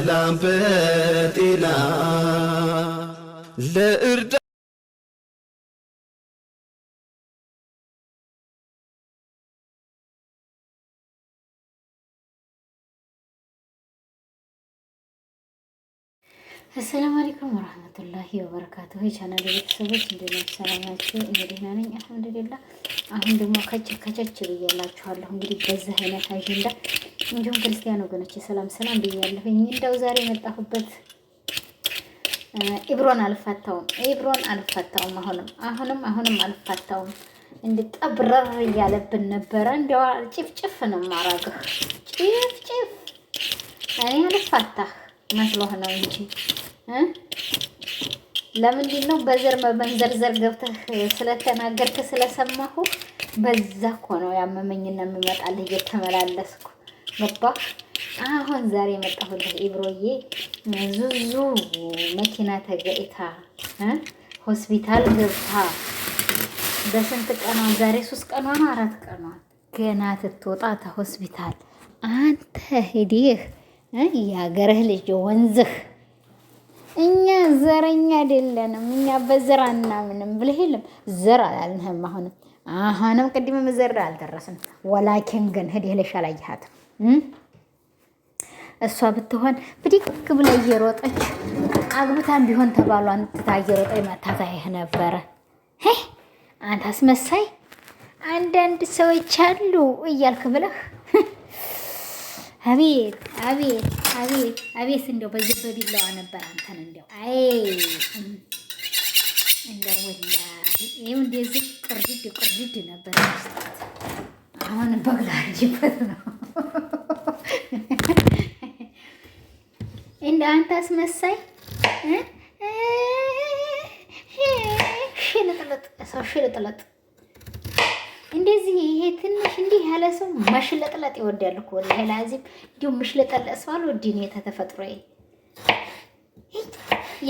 በሰላም በጤና ለእርዳ አሰላም አለይኩም ወራህመቱላሂ ወበረካቱ። የቻናል ቤተሰቦች እንዴት ናችሁ? እኔ ደህና ነኝ አልሐምዱሊላህ። አሁን ደግሞ ከቸ ከቸች ብያላችኋለሁ። እንግዲህ በዚህ አይነት አጀንዳ እንዲሁም ክርስቲያን ወገኖች ሰላም ሰላም ብያለሁኝ። እንደው ዛሬ የመጣሁበት ኢብሮን አልፋታውም፣ ኢብሮን አልፋታውም። አሁንም አሁንም አሁንም አልፋታውም። እንድጠብረር እያለብን ነበረ። እንዲያው ጭፍጭፍ ነው ማራግህ ጭፍጭፍ። እኔ አልፋታህ መስሎህ ነው እንጂ ለምንድን ነው በዘር በመንዘርዘር ገብተህ ስለተናገርክ ስለሰማሁ በዛ እኮ ነው ያመመኝና የምመጣልህ እየተመላለስኩ መጣ። አሁን ዛሬ የመጣሁልህ ኢብሮዬ ዙዙ መኪና ተገይታ ሆስፒታል ገብታ በስንት ቀኗ ዛሬ ሶስት ነው አራት ቀኗን ገና ትትወጣ ተሆስፒታል አንተ ሂዲህ የሀገርህ ልጅ ወንዝህ እኛ ዘረኛ አይደለንም፣ እኛ በዘር አናምንም ብለህ የለም ዘር አላልንህም። አሁንም አሁንም ቅድም ዘር አልደረስንም። ወላኪን ግን ህዲህ ለሻ አላየሃትም እሷ ብትሆን ብድግ ብላ እየሮጠች አግብታን ቢሆን ተባሏ ትታ እየሮጠች መታታይህ ነበረ። አንተ አስመሳይ፣ አንዳንድ ሰዎች አሉ እያልክ ብለህ አቤት አቤት አቤት አቤት! እንደው በየበቢላዋ ነበር አንተን እንደው አይ እንደው ወላሂ ይኸው እንደዚህ ቅርድድ ቁርድ ነበር። አሁን በግላ ሂጅበት ነው እንደ አንተ አስመሳይ ሽልጥልጥ ሰው ሽልጥልጥ እንደዚህ ይሄ ትንሽ እንዲህ ያለ ሰው መሽለጥለጥ ይወዳል እኮ ወላሂ ላዚም እንዲሁ ምሽለጠለጥ ሰው አልወድን የተፈጥሮ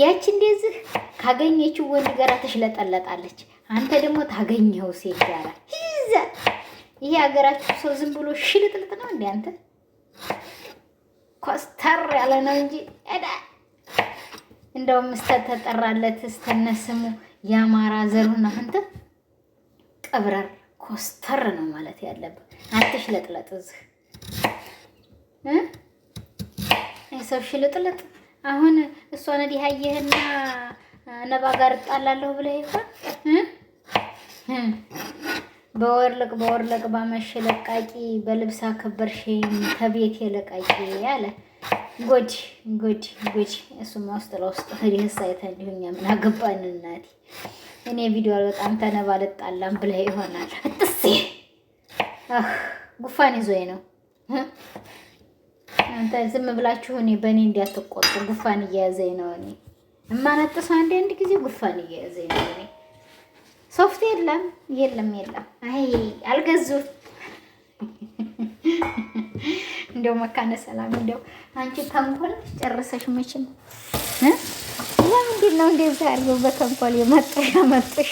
ያቺ እንደዚህ ካገኘችው ወንድ ጋራ ተሽለጠለጣለች። አንተ ደግሞ ታገኘው ሴት ጋራ ይዛ ይሄ ሀገራችሁ ሰው ዝም ብሎ ሽልጥልጥ ነው እንደ አንተ ኮስተር ያለ ነው እንጂ እዳ እንደውም እስተ ተጠራለት እስተነስሙ የአማራ ዘሩና አንተ ቀብረር ኮስተር ነው ማለት ያለብህ። አትሽ ለጥለጥ እዚህ የሰው ሽልጥልጥ አሁን እሷን እንዲህ አየህና ነባ ጋር እጣላለሁ ብለህ ይሆን በወርልቅ በወርልቅ ባመሽ ለቃቂ በልብስ አከበርሽኝ ከቤት የለቃቂ ያለ ጎጅ ጎጅ ጎጅ። እሱማ ውስጥ ለውስጥ ህዲህስ አይታ እንዲሁኛ ምን አገባን እናቴ። እኔ ቪዲዮ በጣም ተነባ ልጣላም ብላ ይሆናል። አጥሴ ጉፋን ይዞኝ ነው። አንተ ዝም ብላችሁ እኔ በእኔ እንዲያትቆጡ ጉፋን እየያዘኝ ነው። እኔ እማነጥሰው አንዴ አንድ ጊዜ ጉፋን እየያዘኝ ነው እኔ ሶፍት የለም የለም የለም። አይ አልገዙም። እንደው መካነ ሰላም እንደው አንቺ ተንኮል ጨርሰሽ መቼም ለምንድን ነው እንደዛ አድርገው በተንኮል የመጣ ያመጡሽ?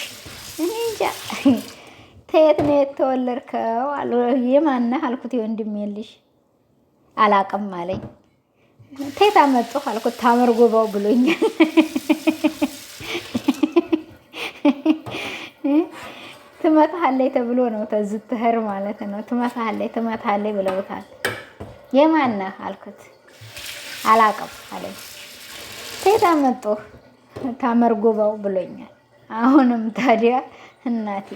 እኔ እንጃ። ተየት ነው የተወለድከው? የማነህ አልኩት። የወንድሜ ልጅ አላቅም አለኝ። ተየት አመጡህ አልኩት። ታመርጎባው ብሎኛል ትመታሃለይ ተብሎ ነው ተዝትህር ማለት ነው። ትመታሃለይ ትመታሃለይ ብለውታል። የማነ አልኩት። አላቅም አለኝ። ከየት አመጡህ? ታመርጎባው ብሎኛል። አሁንም ታዲያ እናቴ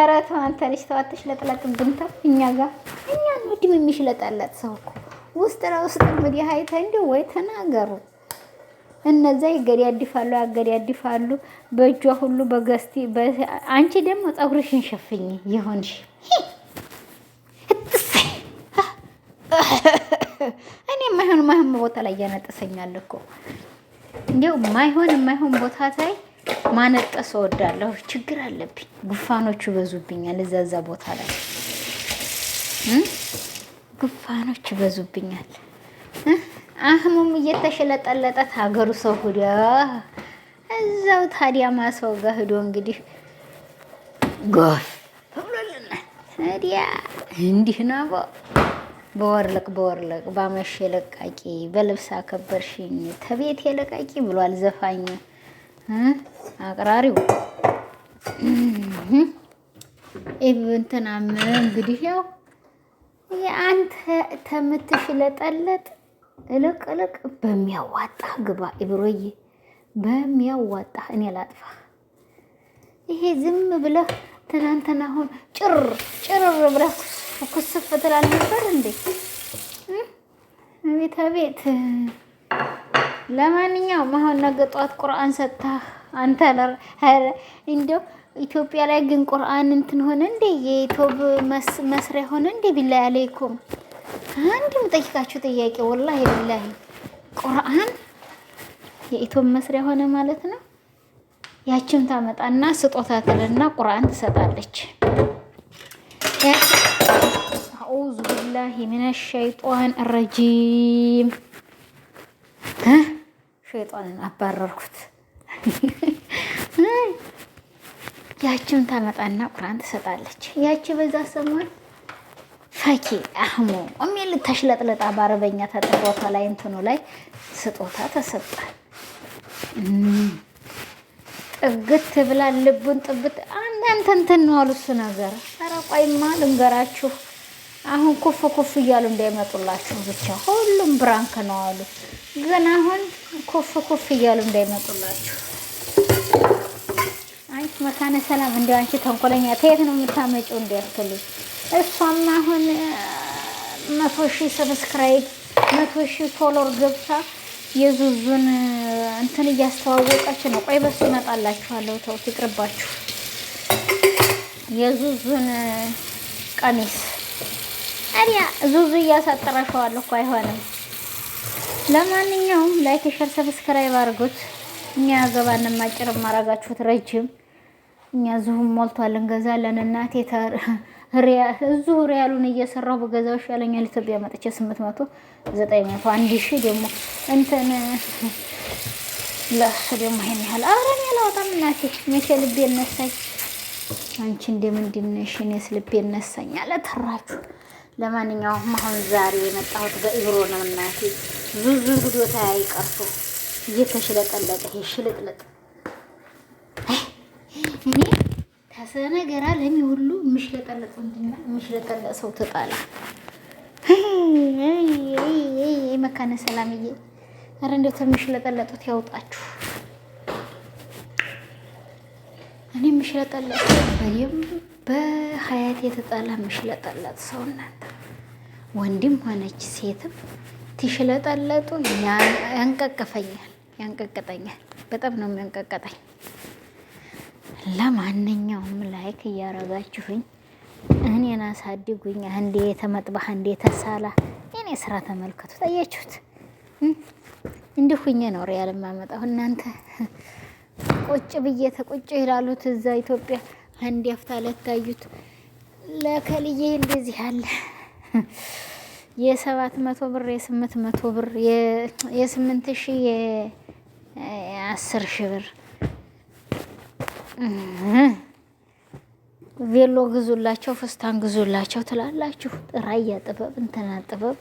ኧረ ተው አንተ ልጅ ተው አትሽለጥለጥብን ተው። እኛ ጋር እኛን ነው ድምም የሚሽለጣለጥ ሰው እኮ ውስጥ ለውስጥ እንግዲህ ሀይተ እንዲሁ ወይ ተናገሩ እነዛ ይገዳድፋሉ ያገዳድፋሉ በእጇ ሁሉ በገስቲ አንቺ ደግሞ ፀጉርሽን ሸፍኝ ይሆንሽ እኔ የማይሆን የማይሆን ቦታ ላይ እያነጠሰኛል እኮ እንዲያው ማይሆን የማይሆን ቦታ ላይ ማነጠስ እወዳለሁ። ችግር አለብኝ፣ ጉፋኖቹ ይበዙብኛል። እዛ እዛ ቦታ ላይ ጉፋኖች ይበዙብኛል። አህሙም እየተሸለጠለጠ ታገሩ ሰው ሂዶ እዛው ታዲያ ማሰው ጋር ሂዶ እንግዲህ ጎፍ ብሎልናል። ታዲያ እንዲህ ነው በወርለቅ በወርለቅ ባመሽ ለቃቂ በልብስ አከበርሽኝ ተቤት የለቃቂ ብሏል ዘፋኝ አቅራሪው እንትናም እንግዲህ ያው የአንተ ተምትሽለጠለጥ እለቅ እለቅ በሚያዋጣ ግባ ኢብሮዬ፣ በሚያዋጣ እኔ ላጥፋ። ይሄ ዝም ብለህ ትናንትና አሁን ጭር ጭር ብለህ ኩስፍ ትላል ነበር እንዴ? ቤት ቤት። ለማንኛውም አሁን ነገ ጠዋት ቁርአን ሰጥታ አንተ እንዲያው ኢትዮጵያ ላይ ግን ቁርአን እንትን ሆነ እንዴ? የኢትዮብ መስሪያ ሆነ እንዴ? ቢላ አለይኩም አንድ የምጠይቃችሁ ጥያቄ ወላሂ ቢላሂ ቁርአን የኢቶም መስሪያ ሆነ ማለት ነው። ያችን ታመጣና ስጦታ ትልና ቁርአን ትሰጣለች። አዑዙ ቢላሂ ሚነ ሸይጧን ረጂም ሸይጧንን አባረርኩት። ያችን ታመጣና ቁርአን ትሰጣለች። ያቺ በዛ ሰሞን ፈኪ አህሙ የሚል ተሽለጥለጣ በአረበኛ ተጠሮታ ላይ እንትኑ ላይ ስጦታ ተሰጠ። ጥግት ብላ ልቡን ጥብት አንዳንተ እንትን ነው አሉ ነገር። ኧረ ቆይማ ልንገራችሁ። አሁን ኩፍ ኩፍ እያሉ እንዳይመጡላችሁ ብቻ ሁሉም ብራንክ ነው አሉ። ግን አሁን ኩፍ ኩፍ እያሉ እንዳይመጡላችሁ። አንቺ መካነ ሰላም እንዲያው አንቺ ተንኮለኛ ከየት ነው የምታመጪው እንዲያትሉኝ እሷም አሁን መቶ ሺህ ሰብስክራይብ መቶ ሺህ ፎሎር ገብታ የዙዙን እንትን እያስተዋወቀች ነው። ቆይ በሱ እመጣላችኋለሁ። ተው ትቅርባችሁ። የዙዙን ቀሚስ አሪያ ዙዙ እያሳጠረሸዋለሁ እኮ አይሆንም። ለማንኛውም ላይክ፣ ሸር፣ ሰብስክራይብ አድርጉት። እኛ ገባን ማጭር ማረጋችሁት ረጅም እኛ ዙሁም ሞልቷል እንገዛለን እናቴ እዙ ሪያሉን እየሰራው በገዛው ይሻለኛል። ኢትዮጵያ መጥቼ ስምንት መቶ ዘጠኝ መቶ አንድ ሺህ ደግሞ እንትን ለሱ ደግሞ ይሄን ያህል አረን ያላወጣም። እናቴ መቼ ልቤ እነሳኝ አንቺ እንደምንድን ነሽ? እኔስ ልቤ እነሳኝ አለ ተራችሁ። ለማንኛውም አሁን ዛሬ የመጣሁት በኢብሮ ነው እናቴ። ዙዙ ጉዶታ ይቀርቶ እየተሽለጠለጠ ሽልጥልጥ እኔ ከሰነገራ ለሚ ሁሉ ምሽለጠለጥ ወንድና ምሽለጠለጥ ሰው ተጣላ። መካነ ሰላምዬ ኧረ እንደው ተምሽለጠለጡት ያውጣችሁ። እኔ ምሽለጠለጥ በየም በሀያት የተጣላ ምሽለጠለጥ ሰው እናንተ ወንድም ሆነች ሴትም ትሽለጠለጡ ያንቀቅፈኛል፣ ያንቀቅጠኛል። በጣም ነው የሚያንቀቅጠኝ። ለማንኛውም ላይክ እያረጋችሁኝ እኔን አሳድጉኝ። አንዴ የተመጥባህ አንዴ የተሳላ እኔ ስራ ተመልከቱ። ጠየችሁት እንዲሁ ሁኜ ነው ሪያል የማመጣው። እናንተ ቁጭ ብዬ ተቁጭ ይላሉት እዛ ኢትዮጵያ አንድ ያፍታ ለታዩት ለከልዬ እንደዚህ አለ የሰባት መቶ ብር የስምንት መቶ ብር የስምንት ሺህ የአስር ሺህ ብር ቬሎ ግዙላቸው፣ ፍስታን ግዙላቸው ትላላችሁ። ራያ ጥበብ እንትና ጥበብ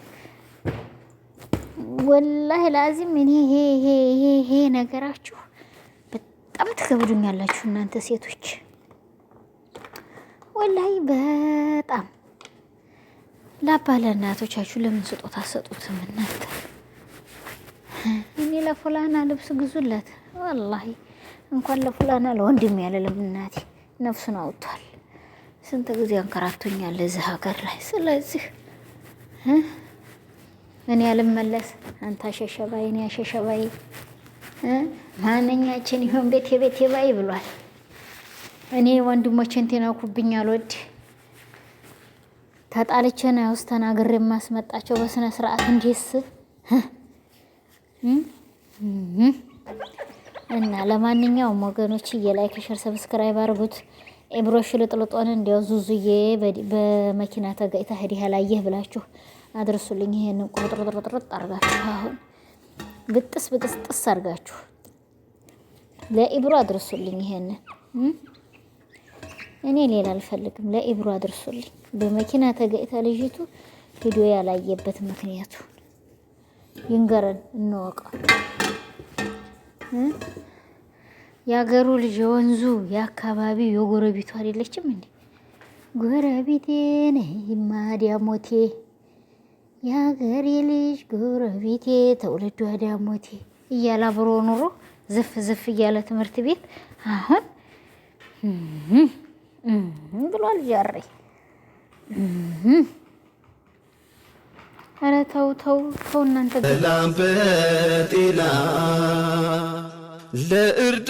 ወላህ ላዚም እኔ ይሄ ይሄ ይሄ ይሄ ነገራችሁ በጣም ትከብዱኛላችሁ እናንተ ሴቶች ወላሂ በጣም ላባለ እናቶቻችሁ ለምን ስጦታ አሰጡትም? እናንተ እኔ ለፎላና ልብስ ግዙለት ወላሂ እንኳን ለፉላና ለወንድም ያለለም እናቴ ነፍሱን አውጥቷል። ስንት ጊዜ አንከራቶኛል እዚህ ሀገር ላይ። ስለዚህ እኔ ያልመለስ አንተ አሸሸባይ፣ እኔ አሸሸባይ፣ ማንኛችን ይሁን ቤቴ ቤቴ ባይ ብሏል። እኔ ወንድሞቼን ቴናኩብኝ አልወድ ተጣልቼን ያውስ ተናግሬ የማስመጣቸው በስነ ስርዓት እንዴስ እና ለማንኛውም ወገኖች የላይክ ሸር ሰብስክራይብ አርጉት። ኤብሮሽ ልጥልጦን እንዲያው ዙዙዬ በመኪና ተገይታ ህዲህ ያላየህ ብላችሁ አድርሱልኝ። ይህን ቁርጥርጥርጥርጥ አርጋችሁ አሁን ብጥስ ብጥስ ጥስ አርጋችሁ ለኢብሮ አድርሱልኝ። ይሄን እኔ ሌላ አልፈልግም፣ ለኢብሮ አድርሱልኝ። በመኪና ተገይታ ልጅቱ ቪዲዮ ያላየበት ምክንያቱ ይንገረን እንወቀው። የአገሩ ልጅ የወንዙ የአካባቢው የጎረቤቱ አይደለችም እንዴ? ጎረቤቴ ነይማ ዳሞቴ የሀገሬ ልጅ ጎረቤቴ ተውለዷ ዳሞቴ እያለ አብሮ ኑሮ ዝፍ ዝፍ እያለ ትምህርት ቤት አሁን ብሏል ጃሬ ኧረ ተው ተው ተው እናንተ ለእርዳ